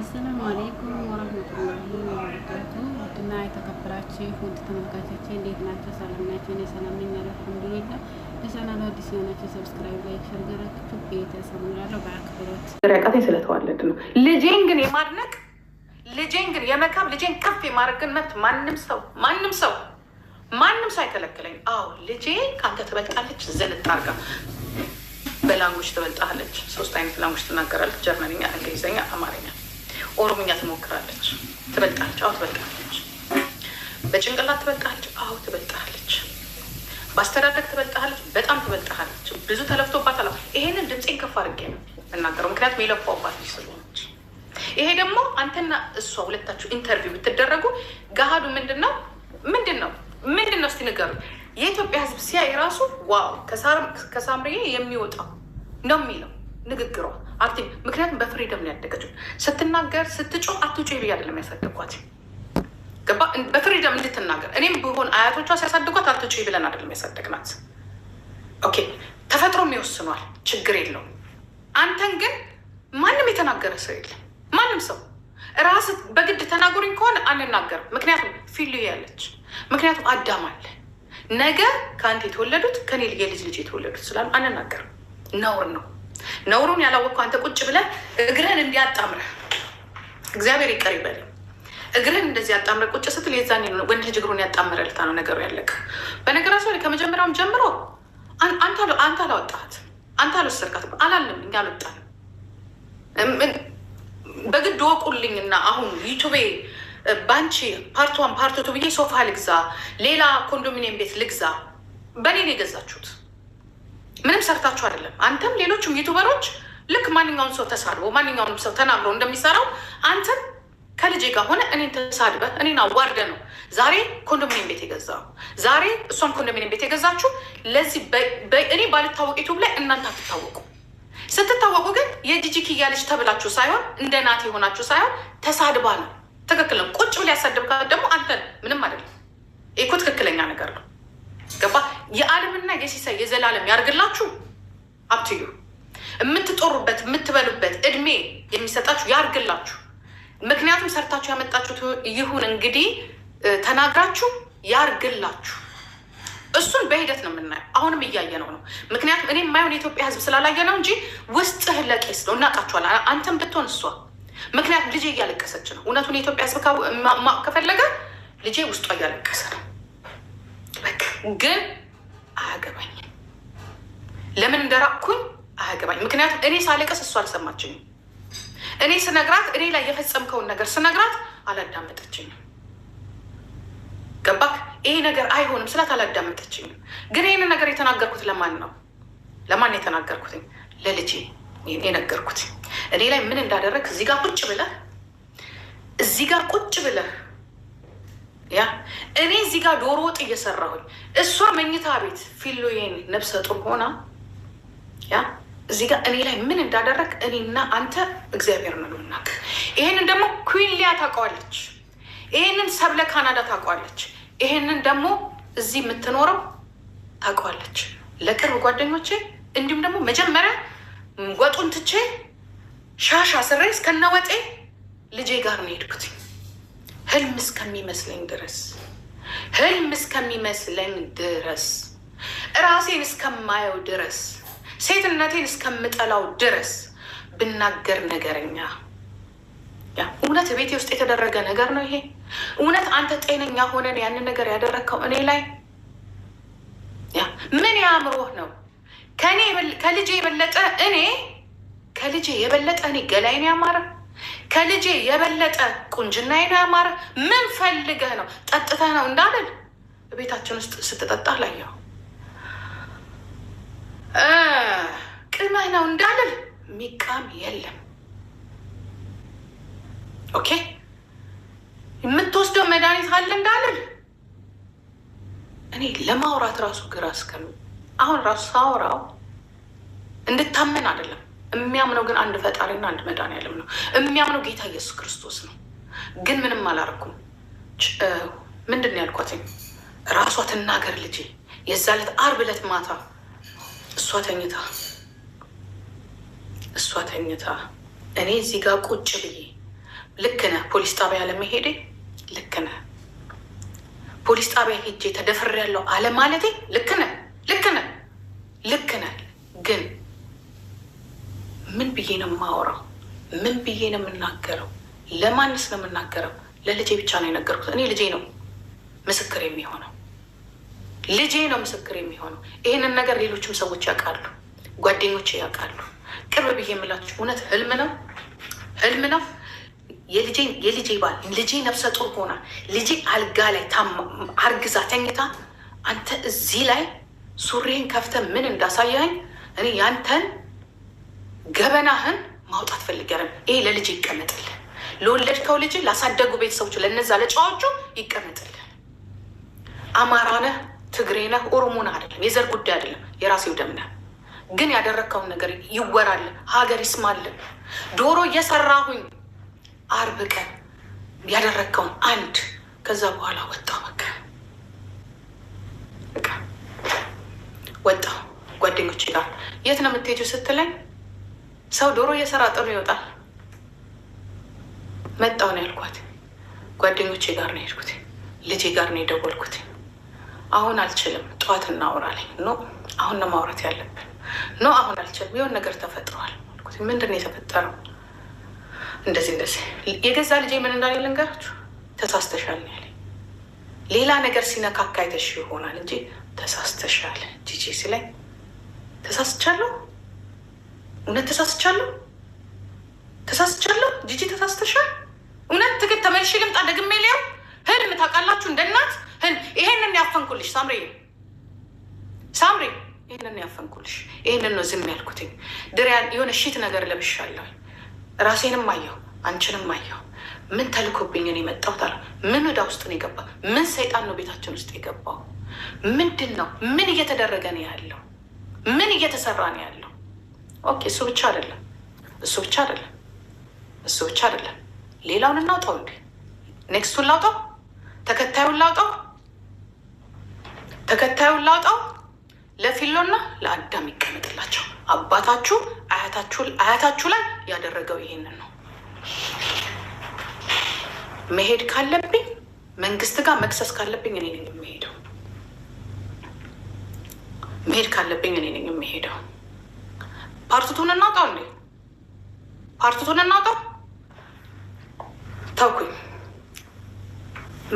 አሰላሙ አሌይኩም ወረህመቱላሂ ወበረካቱ። ውድና የተከበራችሁ ውድ ተመልካቾቼ እንዴት ናቸው? ሰላም ናቸው? እኔ ሰላም ነኝ፣ አልሐምዱሊላህ። ለቻናሉ አዲስ የሆናችሁ ሰብስክራይብ፣ ላይክ፣ ሸር ገረክቱ ቤተሰብ ላለው በአክብሮት ሪያቃቴ ስለተዋለድ ነው። ልጄን ግን የማድነቅ ልጄን ግን የመካብ ልጄን ከፍ የማድረግን መብት ማንም ሰው ማንም ሰው ማንም ሰው አይከለክለኝ። አዎ ልጄ ከአንተ ትበልጣለች፣ ዘንጥ አድርጋ በላንጎች ትበልጣለች። ሶስት አይነት ላንጎች ትናገራለች፣ ጀርመንኛ፣ እንግሊዝኛ፣ አማርኛ ኦሮምኛ ትሞክራለች። ትበልጣለች። አዎ ትበልጣለች። በጭንቅላት ትበልጣለች። አዎ ትበልጣለች። በአስተዳደግ ትበልጣለች። በጣም ትበልጣለች። ብዙ ተለፍቶባታል። ይሄንን ድምፄን ከፍ አድርጌ ነው እናገረው፣ ምክንያቱም የለፋውባት ስለሆነች። ይሄ ደግሞ አንተና እሷ ሁለታችሁ ኢንተርቪው ብትደረጉ ገሃዱ ምንድን ነው ምንድን ነው ምንድን ነው እስቲ ንገሩ። የኢትዮጵያ ሕዝብ ሲያይ ራሱ ዋው ከሳምሬ የሚወጣው ነው የሚለው ንግግሯ አርቲ ምክንያቱም በፍሪደም ነው ያደገችው። ስትናገር ስትጮህ አትጮ ብዬ አይደለም ያሳደጓት ገባ በፍሪደም እንድትናገር እኔም ብሆን አያቶቿ ሲያሳድጓት አትጮ ብለን አይደለም ያሳደግናት። ኦኬ ተፈጥሮም ይወስኗል፣ ችግር የለውም። አንተን ግን ማንም የተናገረ ሰው የለም። ማንም ሰው ራስ በግድ ተናገሩኝ ከሆነ አንናገርም። ምክንያቱም ፊልዩ ያለች ምክንያቱም አዳም አለ ነገ ከአንተ የተወለዱት ከኔ የልጅ ልጅ የተወለዱት ስላሉ አንናገርም። ነውር ነው። ነውሩን ያላወቅኩ አንተ ቁጭ ብለህ እግርህን እንዲያጣምረህ እግዚአብሔር ይቅር ይበል። እግርህን እንደዚህ ያጣምረ ቁጭ ስትል የዛኔ ወንድ ልጅ እግሩን ያጣምረ ልታ ነው ነገሩ ያለቀ። በነገራችን ላይ ከመጀመሪያውም ጀምሮ አንተ አላወጣት አንተ አልወሰድካት አላለም። እኛ አልወጣንም። በግድ ወቁልኝና አሁን ዩቱቤ ባንቺ ፓርቷን ፓርቶቱ ብዬ ሶፋ ልግዛ፣ ሌላ ኮንዶሚኒየም ቤት ልግዛ። በእኔ ነው የገዛችሁት። ምንም ሰርታችሁ አይደለም። አንተም ሌሎችም ዩቱበሮች ልክ ማንኛውም ሰው ተሳድቦ ማንኛውም ሰው ተናግሮ እንደሚሰራው አንተም ከልጄ ጋር ሆነ እኔን ተሳድበ እኔን አዋርደ ነው ዛሬ ኮንዶሚኒየም ቤት የገዛ ዛሬ እሷም ኮንዶሚኒየም ቤት የገዛችሁ። ለዚህ እኔ ባልታወቅ ዩቱብ ላይ እናንተ አትታወቁ። ስትታወቁ ግን የጂጂ ኪያ ልጅ ተብላችሁ ሳይሆን እንደ ናት የሆናችሁ ሳይሆን ተሳድባ ነው። ትክክል ነው። ቁጭ ብላ ያሳድብካ ደግሞ አንተን ምንም አይደለም። ይኮ ትክክለኛ ነገር ነው። ገባ የዓለምና የሲሳይ የዘላለም ያርግላችሁ። አብትዩ የምትጦሩበት የምትበሉበት እድሜ የሚሰጣችሁ ያርግላችሁ። ምክንያቱም ሰርታችሁ ያመጣችሁት ይሁን እንግዲህ ተናግራችሁ ያርግላችሁ። እሱን በሂደት ነው የምናየው። አሁንም እያየነው ነው። ምክንያቱም እኔ የማየውን የኢትዮጵያ ሕዝብ ስላላየ ነው እንጂ ውስጥህ ለቄስ ነው። እናውቃችኋለን። አንተም ብትሆን እሷ ምክንያቱም ልጄ እያለቀሰች ነው። እውነቱን የኢትዮጵያ ሕዝብ ከፈለገ ልጄ ውስጧ እያለቀሰ ነው። ግን አያገባኝም። ለምን እንደራቅኩኝ አያገባኝ። ምክንያቱም እኔ ሳለቀስ እሱ አልሰማችኝም። እኔ ስነግራት፣ እኔ ላይ የፈጸምከውን ነገር ስነግራት አላዳመጠችኝም። ገባክ? ይሄ ነገር አይሆንም ስላት አላዳመጠችኝም። ግን ይህን ነገር የተናገርኩት ለማን ነው? ለማን የተናገርኩትኝ? ለልጄ የነገርኩት እኔ ላይ ምን እንዳደረግ እዚህ ጋር ቁጭ ብለህ እዚህ ጋር ቁጭ ብለህ ያ እኔ እዚህ ጋር ዶሮ ወጥ እየሰራሁኝ እሷ መኝታ ቤት ፊሎዬን ነብሰ ጡር ሆና ያ እዚህ ጋር እኔ ላይ ምን እንዳደረግ እኔና አንተ እግዚአብሔር ምሉናክ። ይሄንን ደግሞ ኩሊያ ታውቀዋለች። ይሄንን ሰብለ ካናዳ ታውቀዋለች። ይሄንን ደግሞ እዚህ የምትኖረው ታውቀዋለች። ለቅርብ ጓደኞቼ እንዲሁም ደግሞ መጀመሪያ ወጡን ትቼ ሻሽ አስሬ እስከነ ወጤ ልጄ ጋር ነው የሄድኩት። ህልም እስከሚመስለኝ ድረስ ህልም እስከሚመስለኝ ድረስ እራሴን እስከማየው ድረስ ሴትነቴን እስከምጠላው ድረስ ብናገር ነገረኛ። እውነት ቤቴ ውስጥ የተደረገ ነገር ነው ይሄ። እውነት አንተ ጤነኛ ሆነን ያንን ነገር ያደረግከው እኔ ላይ ምን ያምሮህ ነው? ከልጄ የበለጠ እኔ ከልጄ የበለጠ እኔ ገላይን ያማረ ከልጄ የበለጠ ቁንጅና ነው ያማረ። ምን ፈልገህ ነው? ጠጥተህ ነው እንዳልል ቤታችን ውስጥ ስትጠጣ ላየው። ቅመህ ነው እንዳልል ሚቃም የለም። ኦኬ የምትወስደው መድኃኒት አለ እንዳልል እኔ ለማውራት ራሱ ግራ እስከሚ አሁን ራሱ ሳውራው እንድታመን አይደለም የሚያምነው ግን አንድ ፈጣሪና አንድ መድኃኒዓለም ነው። የሚያምነው ጌታ ኢየሱስ ክርስቶስ ነው። ግን ምንም አላርኩም። ምንድን ነው ያልኳትኝ? ራሷ ትናገር ልጄ። የዛ ዕለት አርብ ዕለት ማታ እሷ ተኝታ እሷ ተኝታ እኔ እዚህ ጋር ቁጭ ብዬ ልክ ነህ ፖሊስ ጣቢያ አለመሄዴ ልክ ነህ ፖሊስ ጣቢያ ሄጄ ተደፍሬያለሁ አለ ማለቴ ልክ ነህ ልክ ነህ ልክ ነህ ግን ምን ብዬ ነው የማወራው? ምን ብዬ ነው የምናገረው? ለማንስ ነው የምናገረው? ለልጄ ብቻ ነው የነገርኩት። እኔ ልጄ ነው ምስክር የሚሆነው፣ ልጄ ነው ምስክር የሚሆነው። ይህንን ነገር ሌሎችም ሰዎች ያውቃሉ፣ ጓደኞቼ ያውቃሉ። ቅርብ ብዬ የምላችሁ እውነት ህልም ነው ህልም ነው። የልጄ ባል ልጄ ነፍሰ ጡር ሆና ልጄ አልጋ ላይ አርግዛ ተኝታ፣ አንተ እዚህ ላይ ሱሪህን ከፍተ ምን እንዳሳያኝ? እኔ ያንተን ገበናህን ማውጣት ፈልገርም። ይሄ ለልጅ ይቀመጥል ለወለድከው ልጅ፣ ላሳደጉ ቤተሰቦች፣ ለነዛ ለጫዎቹ ይቀመጥል። አማራ ነህ፣ ትግሬ ነህ፣ ኦሮሞ አይደለም፣ የዘር ጉዳይ አይደለም፣ የራሴው ደም ነህ። ግን ያደረግከውን ነገር ይወራል፣ ሀገር ይስማል። ዶሮ እየሰራሁኝ አርብ ቀን ያደረግከውን አንድ ከዛ በኋላ ወጣ በቃ ወጣ ጓደኞች ጋር የት ነው የምትሄጂው ስትለኝ ሰው ዶሮ እየሰራ ጥሩ ይወጣል። መጣሁ ነው ያልኳት። ጓደኞቼ ጋር ነው የሄድኩት። ልጄ ጋር ነው የደወልኩት። አሁን አልችልም፣ ጠዋት እናወራለኝ። ኖ አሁን ነው ማውራት ያለብን። ኖ አሁን አልችልም፣ የሆነ ነገር ተፈጥሯል። ምንድን ነው የተፈጠረው? እንደዚህ እንደዚህ። የገዛ ልጄ ምን እንዳለ ልንገራችሁ። ተሳስተሻል ያለ ሌላ ነገር ሲነካካ አይተሽ ይሆናል እንጂ ተሳስተሻል ጂጂ ሲለኝ ተሳስቻለሁ እውነት ተሳስቻለሁ፣ ተሳስቻለሁ። ጂጂ ተሳስተሻል። እውነት ትግል ተመልሼ ልምጣ ደግሜ ሊያው ህልም ታውቃላችሁ፣ እንደ እናት ይሄንን ያፈንኩልሽ ሳምሬ፣ ሳምሬ፣ ይሄንን ያፈንኩልሽ። ይሄንን ነው ዝም ያልኩትኝ። ድሪያን የሆነ ሽት ነገር ለብሻለሁ። ራሴንም አየሁ፣ አንቺንም አየሁ። ምን ተልኮብኝ ነው የመጣሁት? አለ ምን ወዳ ውስጥ ነው የገባ? ምን ሰይጣን ነው ቤታችን ውስጥ የገባው? ምንድን ነው? ምን እየተደረገ ነው ያለው? ምን እየተሰራ ነው ያለው? ኦኬ፣ እሱ ብቻ አይደለም፣ እሱ ብቻ አይደለም፣ እሱ ብቻ አይደለም። ሌላውን እናውጣው፣ እንዲ ኔክስቱን ላውጣው፣ ተከታዩን ላውጣው፣ ተከታዩን ላውጣው። ለፊሎና ለአዳም ይቀመጥላቸው። አባታችሁ አያታችሁ ላይ ያደረገው ይሄንን ነው። መሄድ ካለብኝ መንግስት ጋር መክሰስ ካለብኝ እኔ ነኝ የሚሄደው መሄድ ካለብኝ እኔ ነኝ የሚሄደው ፓርቲቱን እናውጣው እንዴ? ፓርትቱን እናውጣው። ተውኩኝ።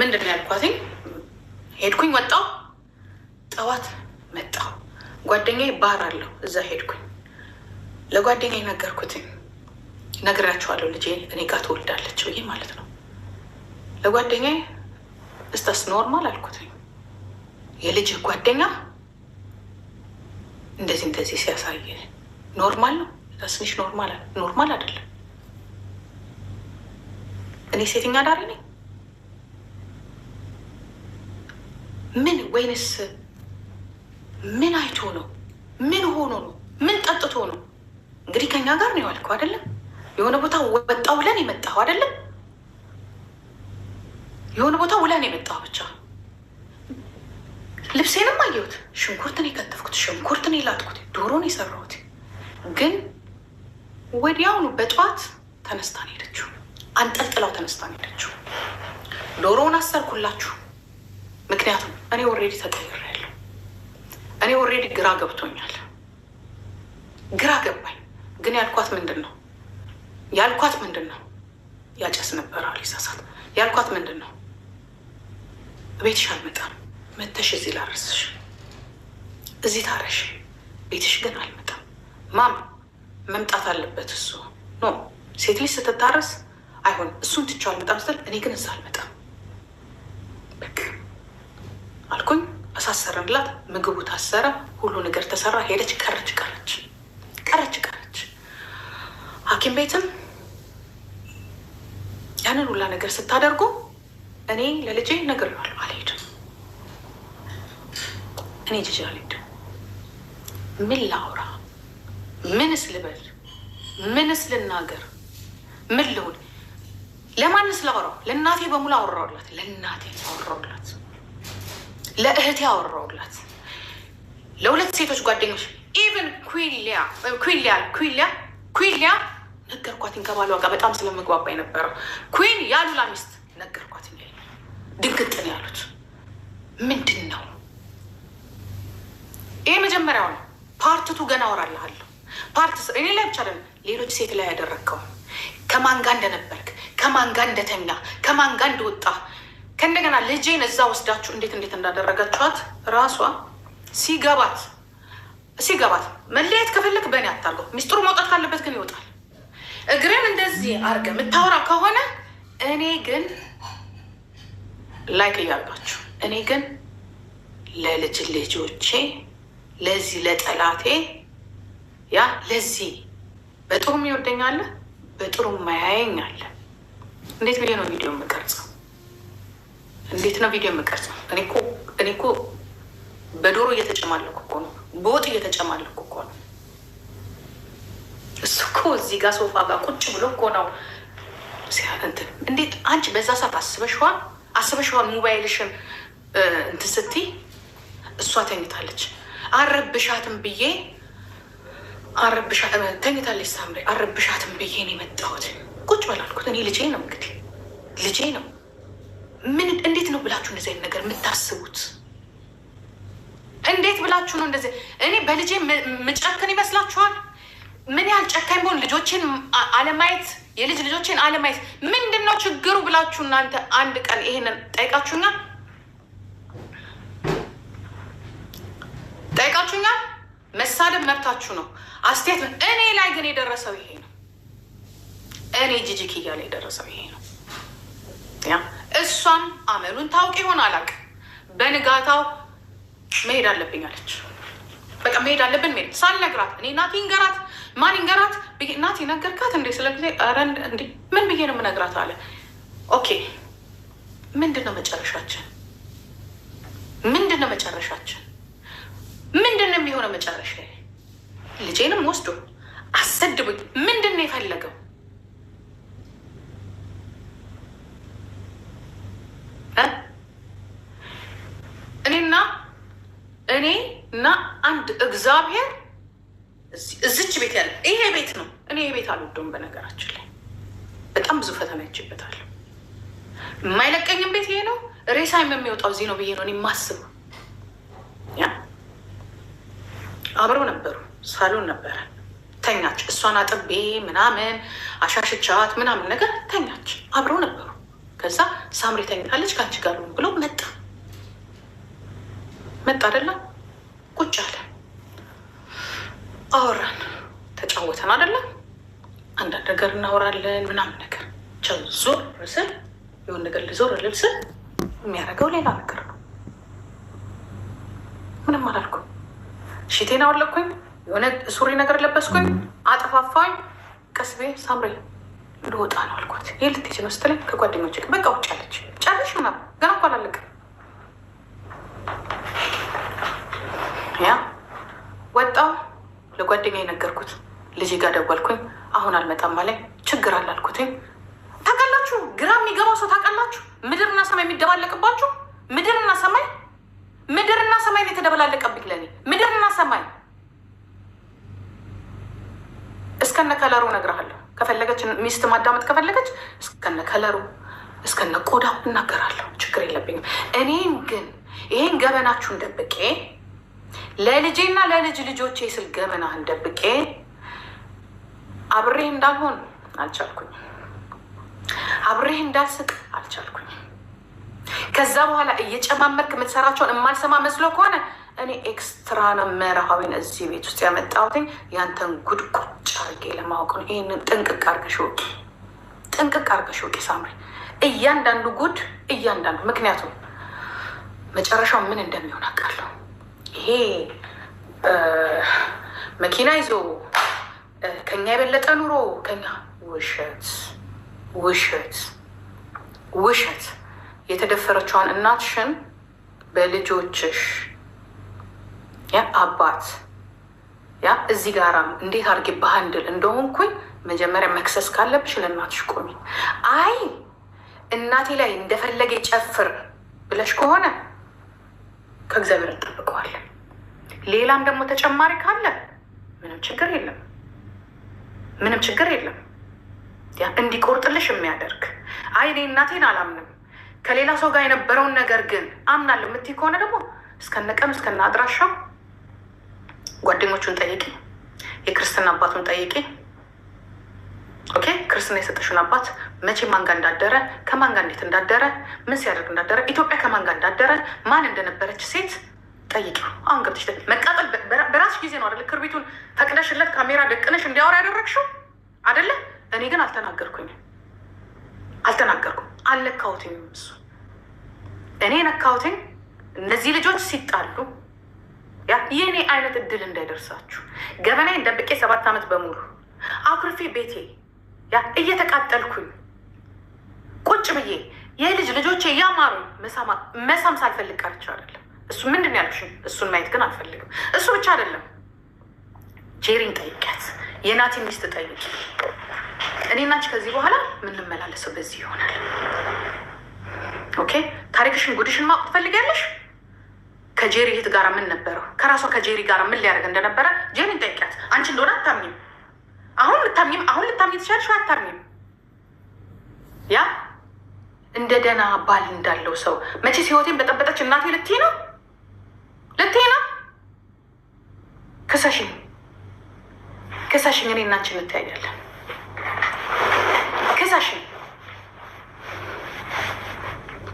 ምንድን ነው ያልኳትኝ? ሄድኩኝ፣ ወጣው ጠዋት መጣው ጓደኛ ባህር አለው እዛ ሄድኩኝ። ለጓደኛዬ ነገርኩትኝ። ነግራችኋለሁ፣ ልጄ እኔ ጋር ትወልዳለች ብዬ ማለት ነው። ለጓደኛ እስታስ ኖርማል አልኩትኝ። የልጅ ጓደኛ እንደዚህ እንደዚህ ሲያሳየ ኖርማል ነው። በስምሽ ኖርማል ኖርማል አይደለም። እኔ ሴተኛ አዳሪ ነኝ ምን ወይንስ ምን አይቶ ነው? ምን ሆኖ ነው? ምን ጠጥቶ ነው? እንግዲህ ከኛ ጋር ነው የዋልከው አይደለም? የሆነ ቦታ ወጣ ውለን የመጣው አይደለም? የሆነ ቦታ ውለን የመጣው ብቻ። ልብሴንም አየሁት። ሽንኩርትን የከተፍኩት፣ ሽንኩርትን የላጥኩት፣ ዶሮን የሰራሁት ግን ወዲያውኑ በጠዋት ተነስታን ሄደችው። አንጠልጥላው ተነስታን ሄደችው። ዶሮውን አሰርኩላችሁ። ምክንያቱም እኔ ኦልሬዲ ተቀይሬያለሁ። እኔ ኦልሬዲ ግራ ገብቶኛል። ግራ ገባኝ። ግን ያልኳት ምንድን ነው ያልኳት ምንድን ነው ያጨስ ነበረ አሊሳሳት ያልኳት ምንድን ነው ቤትሽ አልመጣም መተሽ እዚህ ላረስሽ እዚህ ታረሽ ቤትሽ ግን አልመጣም ማም መምጣት አለበት እሱ ኖ ሴት ልጅ ስትታረስ አይሆን እሱን ትቼው አልመጣም ስትል እኔ ግን እዛ አልመጣም አልኩኝ። አሳሰረንላት። ምግቡ ታሰረ፣ ሁሉ ነገር ተሰራ። ሄደች፣ ቀረች ቀረች ቀረች ቀረች። ሀኪም ቤትም ያንን ሁላ ነገር ስታደርጉ እኔ ለልጄ ነግሬዋለሁ፣ አልሄድም እኔ ጅጅ አልሄድም ምን ላውራ ምንስ ልበል? ምንስ ልናገር? ምን ልሁን? ለማንስ ላወራው? ለእናቴ በሙሉ አወራውላት። ለእናቴ አወራውላት፣ ለእህቴ አወራውላት፣ ለሁለት ሴቶች ጓደኞች ኢቨን ኩሊያ ኩሊያ ኩሊያ ኩሊያ ነገርኳትኝ። ከባሏ ጋር በጣም ስለምግባባ የነበረው ኩን ያሉላ ሚስት ነገርኳትኝ። ድንግጥ ያሉት። ምንድን ነው ይሄ? መጀመሪያው ነው። ፓርትቱ ገና አወራልሃለሁ። ፓርት እኔ ላይ ብቻ ሌሎች ሴት ላይ ያደረግከው ከማን ጋር እንደነበርክ፣ ከማን ጋር እንደተኛ፣ ከማን ጋር እንደወጣ ከእንደገና ልጄን እዛ ወስዳችሁ እንዴት እንዴት እንዳደረገችኋት ራሷ ሲገባት ሲገባት መለየት ከፈለክ በእኔ አታለው። ሚስጥሩ መውጣት ካለበት ግን ይወጣል። እግርን እንደዚህ አርገ የምታወራ ከሆነ እኔ ግን ላይክ እያልኳችሁ እኔ ግን ለልጅ ልጆቼ ለዚህ ለጠላቴ ያ ለዚህ በጥሩም ይወደኛል፣ በጥሩም ማያየኛል። እንዴት ብዬ ነው ቪዲዮ የምቀርጸው? እንዴት ነው ቪዲዮ የምቀርጸው? እኔ እኮ በዶሮ እየተጨማለኩ እኮ ነው፣ በወጥ እየተጨማለኩ እኮ ነው። እሱ እኮ እዚህ ጋር ሶፋ ጋር ቁጭ ብሎ እኮ ነው እንትን። እንዴት አንቺ በዛ ሰዓት አስበሽዋል? አስበሽዋል? ሞባይልሽን እንትን ስትይ እሷ ተኝታለች፣ አረብሻትም ብዬ ተኝታለች። ሳምሬ አረብሻትም ብዬ ነው የመጣሁት። ቁጭ በላልኩት እኔ ልጄ ነው እንግዲህ ልጄ ነው። ምን እንዴት ነው ብላችሁ እንደዚህ አይነት ነገር የምታስቡት? እንዴት ብላችሁ ነው እንደዚህ? እኔ በልጄ ምጨክን ይመስላችኋል? ምን ያህል ጨካኝ ቢሆን ልጆችን አለማየት የልጅ ልጆችን አለማየት ምንድን ነው ችግሩ ብላችሁ እናንተ አንድ ቀን ይሄንን ጠይቃችሁኛ ጠይቃችሁኛ መሳደብ መብታችሁ ነው። አስቴት እኔ ላይ ግን የደረሰው ይሄ ነው። እኔ ጂጂ እያለ የደረሰው ይሄ ነው። ያ እሷም አመሉን ታውቅ ይሆን አላውቅም። በንጋታው መሄድ አለብኝ አለች። በቃ መሄድ አለብን መሄድ ሳልነግራት እኔ ናቲ ንገራት ማን ንገራት ናቲ ነገርካት እንዴ? ስለ ጊዜ ኧረ እንዴ ምን ብዬ ነው የምነግራት አለ። ኦኬ ምንድን ነው መጨረሻችን? ምንድን ነው መጨረሻችን? ምንድን ነው የሚሆነው መጨረሻ ልጄንም ወስዶ አሰድቡኝ። ምንድን ነው የፈለገው? እኔና እኔ እና አንድ እግዚአብሔር እዚች ቤት ያለ ይሄ ቤት ነው። እኔ ይሄ ቤት አልወደውም። በነገራችን ላይ በጣም ብዙ ፈተና ይችበታል። የማይለቀኝም ቤት ይሄ ነው። ሬሳይም የሚወጣው እዚህ ነው ብዬ ነው እኔ የማስበው። አብረው ነበሩ ሳሎን ነበረ። ተኛች። እሷን አጥቤ ምናምን አሻሽቻት ምናምን ነገር ተኛች። አብረው ነበሩ። ከዛ ሳምሪ ተኝታለች ከአንቺ ጋር ብሎ መጣ መጣ አደለ? ቁጭ አለ። አወራን፣ ተጫወተን አደለ? አንዳንድ ነገር እናወራለን ምናምን ነገር ቸው ዞር ስል የሆን ነገር ልዞር ልል ስል የሚያደርገው ሌላ ነገር ነው። ምንም አላልኩም። ሽቴን አወለኩኝ። የሆነ ሱሪ ነገር ለበስኩኝ፣ አጠፋፋኝ፣ ቀስቤ ሳምሬ ልወጣ ነው አልኳት። ይህ ልትሄጂ ነው ስትለኝ ከጓደኞች በቃ ውጭ አለች። ጨርሽ ምናምን ገና እኮ አላለቅም። ያ ወጣው ለጓደኛ የነገርኩት ልጅ ጋር ደወልኩኝ። አሁን አልመጣም አለኝ። ችግር አላልኩትኝ። ታውቃላችሁ፣ ግራ የሚገባው ሰው ታውቃላችሁ፣ ምድርና ሰማይ የሚደባለቅባችሁ ምድርና ሰማይ ምድርና ሰማይ ነው የተደበላለቀብኝ ለእኔ ምድርና ሰማይ እስከነ ከለሩ እነግርሃለሁ። ከፈለገች ሚስት ማዳመጥ ከፈለገች እስከነ ከለሩ እስከነ ቆዳው እናገራለሁ። ችግር የለብኝም። እኔን ግን ይሄን ገበናችሁን ደብቄ ለልጄና ለልጅ ልጆቼ ስል ገበናህን ደብቄ አብሬ እንዳልሆን አልቻልኩኝ። አብሬህ እንዳልስቅ አልቻልኩኝ። ከዛ በኋላ እየጨማመርክ የምትሰራቸውን የማልሰማ መስሎ ከሆነ እኔ ኤክስትራ ነው መርሃዊን እዚህ ቤት ውስጥ ያመጣሁት ያንተን ጉድ ቁጭ አርጌ ለማወቅ ነው። ይህንን ጥንቅቅ አርገሽ ወቂ፣ ጥንቅቅ አርገሽ ወቂ ሳምሪ፣ እያንዳንዱ ጉድ እያንዳንዱ ምክንያቱም መጨረሻው ምን እንደሚሆን አውቃለሁ። ይሄ መኪና ይዞ ከኛ የበለጠ ኑሮ ከኛ ውሸት ውሸት ውሸት የተደፈረችዋን እናትሽን በልጆችሽ አባት ያ እዚህ ጋራም እንዴት አድርጌ በሀንድል እንደሆንኩኝ መጀመሪያ መክሰስ ካለብሽ ለእናትሽ ቆሚ። አይ እናቴ ላይ እንደፈለገ ጨፍር ብለሽ ከሆነ ከእግዚአብሔር እንጠብቀዋለን። ሌላም ደግሞ ተጨማሪ ካለ ምንም ችግር የለም፣ ምንም ችግር የለም። ያ እንዲቆርጥልሽ የሚያደርግ አይ እኔ እናቴን አላምንም ከሌላ ሰው ጋር የነበረውን ነገር ግን አምናለሁ የምትይ ከሆነ ደግሞ እስከነቀም እስከነ አድራሻው ጓደኞቹን ጠይቂ፣ የክርስትና አባቱን ጠይቂ። ኦኬ ክርስትና የሰጠሽውን አባት መቼ ማንጋ እንዳደረ ከማንጋ እንዴት እንዳደረ ምን ሲያደርግ እንዳደረ ኢትዮጵያ ከማንጋ እንዳደረ ማን እንደነበረች ሴት ጠይቂው። አሁን ገብተሽ መቃጠል በራሱ ጊዜ ነው አደለ? ክር ቤቱን ፈቅደሽለት ካሜራ ደቅነሽ እንዲያወራ ያደረግሽው አደለ? እኔ ግን አልተናገርኩኝ አልተናገርኩም፣ አልነካሁትኝም። እሱ እኔ ነካሁትኝ እነዚህ ልጆች ሲጣሉ ያ የእኔ አይነት እድል እንዳይደርሳችሁ። ገበናዬን ደብቄ ሰባት ዓመት በሙሉ አኩርፌ ቤቴ ያ እየተቃጠልኩኝ ቁጭ ብዬ የልጅ ልጆቼ እያማሩ መሳም ሳልፈልግ ቀርቼ አይደለም። እሱ ምንድን ያልኩሽ፣ እሱን ማየት ግን አልፈልግም። እሱ ብቻ አይደለም፣ ጄሪን ጠይቂያት፣ የናቲ ሚስት ጠይቂ። እኔናች ከዚህ በኋላ ምንመላለሰው በዚህ ይሆናል። ኦኬ ታሪክሽን ጉድሽን ማወቅ ትፈልጊያለሽ? ከጄሪ እህት ጋር ምን ነበረው? ከራሷ ከጄሪ ጋር ምን ሊያደርግ እንደነበረ ጄሪን ጠይቂያት። አንቺ እንደሆነ አታምኝም። አሁን ልታምኝም አሁን ልታምኝ ትችላለሽ፣ አታምኝም። ያ እንደ ደህና ባል እንዳለው ሰው መቼስ ህይወቴን በጠበጠች እናቴ ልትይ ነው ልትይ ነው። ክሰሽኝ ክሰሽኝ፣ እኔ እናንቺ እንተያያለን። ክሰሽኝ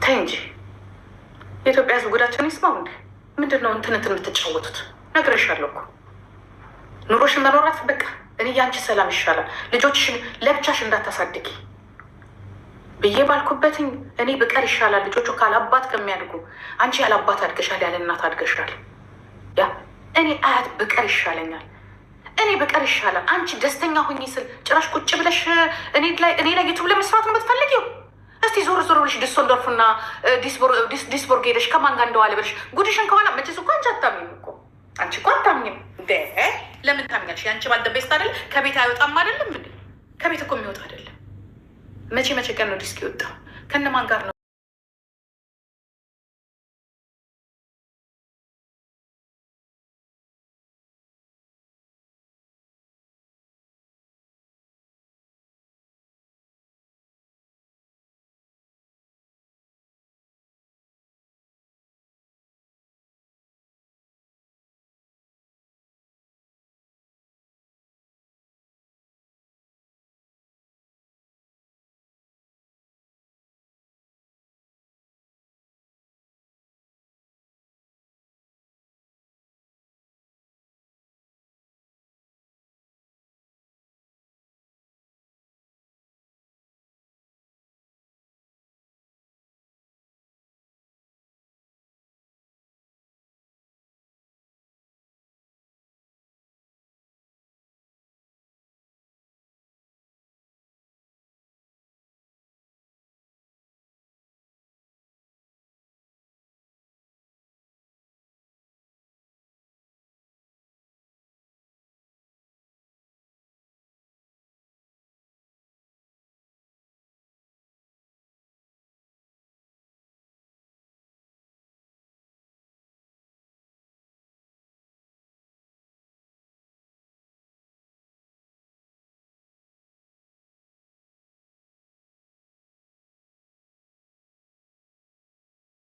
ተይ እንጂ የኢትዮጵያ ህዝብ ጉዳቸውን ይስማው እንዴ? ምንድን ነው እንትንት የምትጫወቱት? ነግሬሻለሁ እኮ ኑሮሽን መኖራት በቃ እኔ የአንቺ ሰላም ይሻላል። ልጆችሽን ለብቻሽ እንዳታሳድጊ ብዬ ባልኩበትኝ እኔ ብቀር ይሻላል። ልጆቹ ካለአባት ከሚያድጉ አንቺ ያለአባት አድገሻል፣ ያለ እናት አድገሻል። ያ እኔ አያት ብቀር ይሻለኛል። እኔ ብቀር ይሻላል። አንቺ ደስተኛ ሁኚ ስል ጭራሽ ቁጭ ብለሽ እኔ ላይ ዩቱብ ለመስራት ነው የምትፈልጊው። እስቲ ዞር ዞር ብለሽ ዲሶልዶርፍና ዲስቦርግ ሄደሽ ከማን ጋር እንደዋለ ብለሽ ጉድሽን ከኋላ መቼስ እኮ አንቺ አታምኝም እኮ አንቺ እኮ አታምኝም። ለምን ታምኛለሽ? የአንቺ ባል ደቤስት አይደለም ከቤት አይወጣም አይደለም። ከቤት እኮ የሚወጣ አይደለም። መቼ መቼ ቀን ነው ዲስክ ይወጣ? ከነማን ጋር ነው?